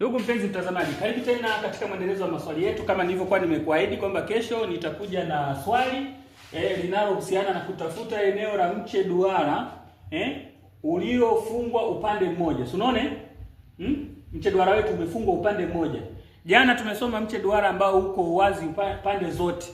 Ndugu mpenzi mtazamaji, karibu tena katika mwendelezo wa maswali yetu. Kama nilivyokuwa nimekuahidi kwamba kesho nitakuja na swali eh, linalohusiana na kutafuta eneo la mche duara eh, uliofungwa upande mmoja. Si unaona? Hmm? Mche duara wetu umefungwa upande mmoja. Jana tumesoma mche duara ambao uko wazi pande zote.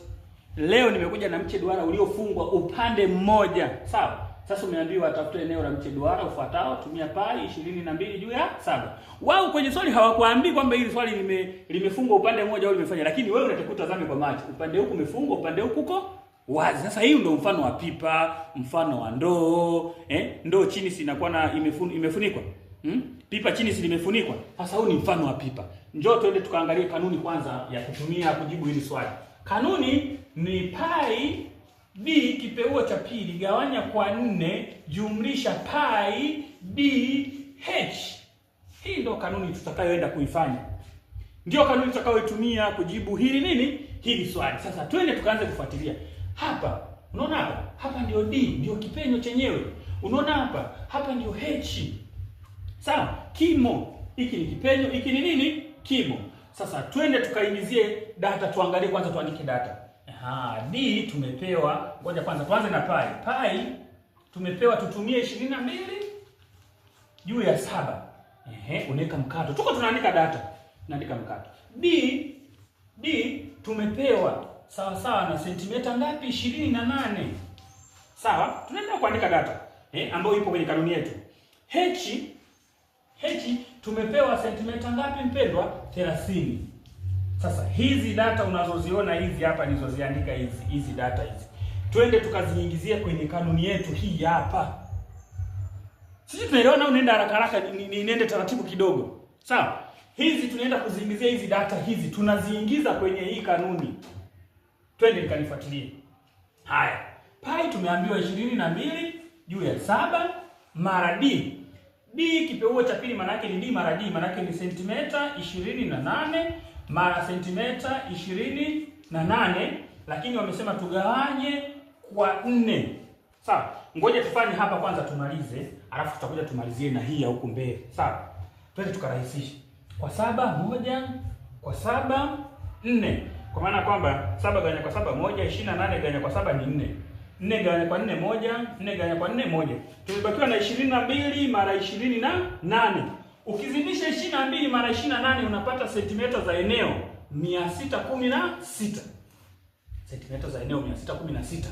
Leo nimekuja na mche duara uliofungwa upande mmoja. Sawa? Sasa umeambiwa atafute eneo la mche duara ufuatao, tumia pai ishirini na mbili juu ya saba. Wao kwenye swali hawakuambii kwamba hili swali lime, limefungwa upande mmoja au limefanya, lakini wewe unatakiwa utazame kwa macho, upande huku umefungwa, upande huku uko wazi. Sasa hii ndio mfano wa pipa, mfano wa ndoo eh, ndoo chini si inakuwa na imefun, imefunikwa hmm? pipa chini si limefunikwa. Sasa huu ni mfano wa pipa. Njoo twende tukaangalie kanuni kwanza ya kutumia kujibu hili swali. Kanuni ni pai b kipeuo cha pili, gawanya kwa nne, jumlisha pi b h Hii ndio kanuni tutakayoenda kuifanya, ndio kanuni tutakayoitumia kujibu hili nini, hili swali. Sasa twende tukaanze kufuatilia hapa. Unaona hapa, hapa ndio d, ndio kipenyo chenyewe. Unaona hapa, hapa ndio h, sawa. Kimo hiki ni kipenyo, hiki ni nini, kimo. Sasa twende tukaimizie data, tuangalie kwanza, tuandike data Ha, d tumepewa, ngoja kwanza tuanze na pai. Pai tumepewa tutumie ishirini na mbili juu ya saba. Ehe, unaweka mkato, tuko tunaandika data, tunaandika mkato d d tumepewa sawa sawa na sentimita ngapi? ishirini na nane. Sawa, tunaenda kuandika data eh, ambayo ipo kwenye kanuni yetu. h h tumepewa sentimita ngapi mpendwa? 30. Sasa hizi data unazoziona hizi hapa nilizoziandika hizi hizi data hizi, twende tukaziingizie kwenye kanuni yetu hii hapa. Sisi tunaelewana, unaenda haraka haraka, niende taratibu kidogo, sawa? Hizi tunaenda kuziingizia hizi data hizi, tunaziingiza kwenye hii kanuni. Twende nikanifuatilie. Haya, pai tumeambiwa ishirini na mbili juu ya saba mara d d, kipeuo cha pili, maana yake ni d mara d, maana yake ni sentimita ishirini na nane mara sentimeta ishirini na nane lakini wamesema tugawanye kwa nne. Sawa, ngoja tufanye hapa kwanza tumalize, alafu tutakuja tumalizie na hii ya huku mbele. Sawa, twende tukarahisisha kwa saba moja kwa saba nne, kwa maana kwamba saba gawanya kwa saba moja, ishirini na nane gawanya kwa saba ni nne, nne gawanya kwa nne moja, nne gawanya kwa nne moja. Tumebakiwa na ishirini na mbili mara ishirini na nane Ukizidisha 22 mara 28 unapata sentimita za eneo 616. Sentimita za eneo 616.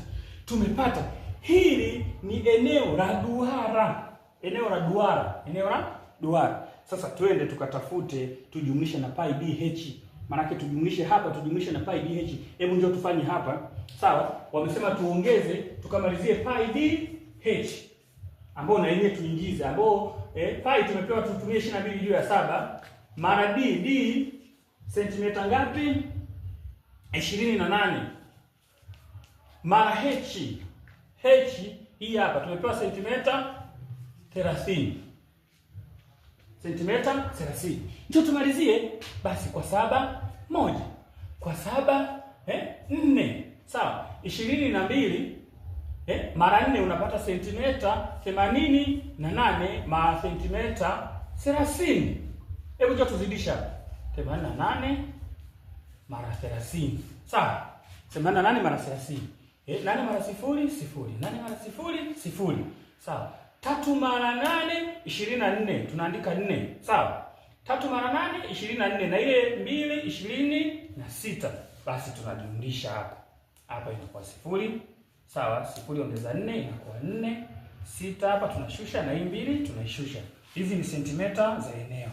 Tumepata hili ni eneo la duara. Eneo la duara, eneo la duara. Sasa twende tukatafute tujumlishe na pi dh. Maanake tujumlishe hapa tujumlishe na pi dh. Hebu njoo tufanye hapa. Sawa? Wamesema tuongeze tukamalizie pi dh ambao na yenyewe tuingize, ambao eh, pi tumepewa tutumie 22 juu ya saba mara d d sentimita ngapi? 28 na mara h h hii hapa tumepewa sentimita 30 sentimita 30. Ndio tumalizie basi kwa saba moja kwa saba eh, nne sawa, ishirini na mbili eh, mara nne unapata sentimeta themanini na nane mara sentimeta thelathini. Hebu njoo tuzidisha themanini na nane mara thelathini sawa, themanini na nane mara thelathini eh, nane mara sifuri sifuri, nane mara sifuri sifuri sawa. Tatu mara nane ishirini na nne tunaandika nne sawa. Tatu mara nane ishirini na nne na ile mbili ishirini na sita basi tunajumlisha hapa hapa, inakuwa sifuri sawa. Sifuri ongeza nne inakuwa nne. Sita hapa tunashusha na hii mbili tunaishusha. Hizi ni sentimeta za eneo.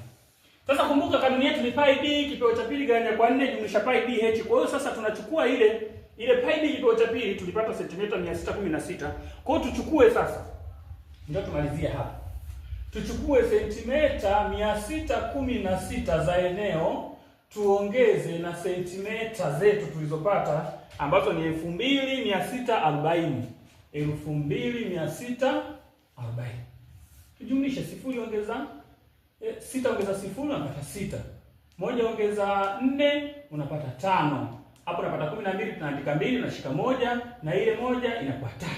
Sasa kumbuka kanuni yetu ni pi b kipeo cha pili gawanya kwa 4 jumlisha pi b h. Kwa hiyo sasa tunachukua ile ile pi b kipeo cha pili tulipata sentimeta 616. Kwa hiyo tuchukue sasa, ndio tumalizie hapa, tuchukue sentimeta 616 za eneo tuongeze na sentimeta zetu tulizopata ambazo ni elfu 2640 Tujumlishe sifuri ongeza e, sita ongeza sifuri unapata sita, moja ongeza nne unapata tano. Hapo unapata kumi na mbili, tunaandika mbili, unashika moja na ile moja inakuwa tatu.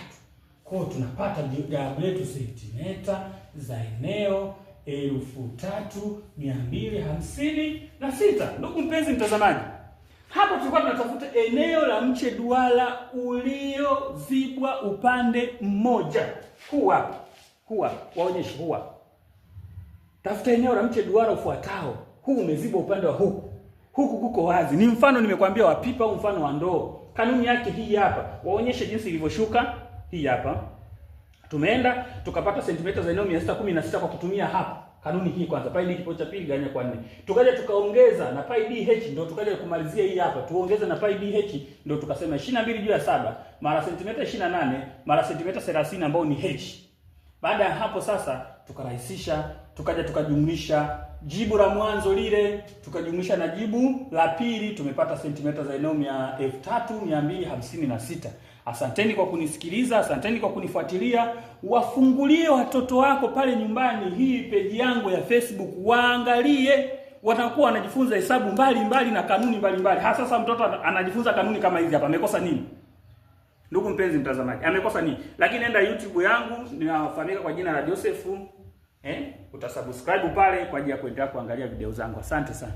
kwao tunapata jawabu yetu sentimeta za eneo elfu tatu mia mbili hamsini na sita. Ndugu mpenzi mtazamaji, hapo tulikuwa tunatafuta eneo la mche duara uliozibwa upande mmoja. Huwa huwa waonyeshe, huwa tafuta eneo la mche duara ufuatao. Huu umezibwa upande wa huku, huku kuko wazi. Ni mfano nimekwambia wa pipa au mfano wa ndoo. Kanuni yake hii hapa, waonyeshe jinsi ilivyoshuka. Hii hapa Tumeenda tukapata sentimita za eneo 616 kwa kutumia hapa kanuni hii kwanza, pi d kipao cha pili ganya kwa 4. Tukaja tukaongeza na pi dh, ndio tukaja kumalizia hii hapa, tuongeze na pi dh, ndio tukasema 22 juu ya 7 mara sentimita 28 mara sentimita 30 ambao ni h. Baada ya hapo sasa tukarahisisha, tukaja tukajumlisha jibu la mwanzo lile tukajumlisha na jibu la pili, tumepata sentimita za eneo 3256. Asanteni kwa kunisikiliza, asanteni kwa kunifuatilia. Wafungulie watoto wako pale nyumbani hii peji yangu ya Facebook, waangalie watakuwa wanajifunza hesabu mbali mbali na kanuni mbali mbali. Hasa sasa mtoto anajifunza kanuni kama hizi hapa, amekosa nini? Ndugu mpenzi mtazamaji, amekosa nini? Lakini enda YouTube yangu, ninafahamika kwa jina la Joseph eh, utasubscribe pale kwa ajili ya kuendelea kuangalia video zangu. Asante sana.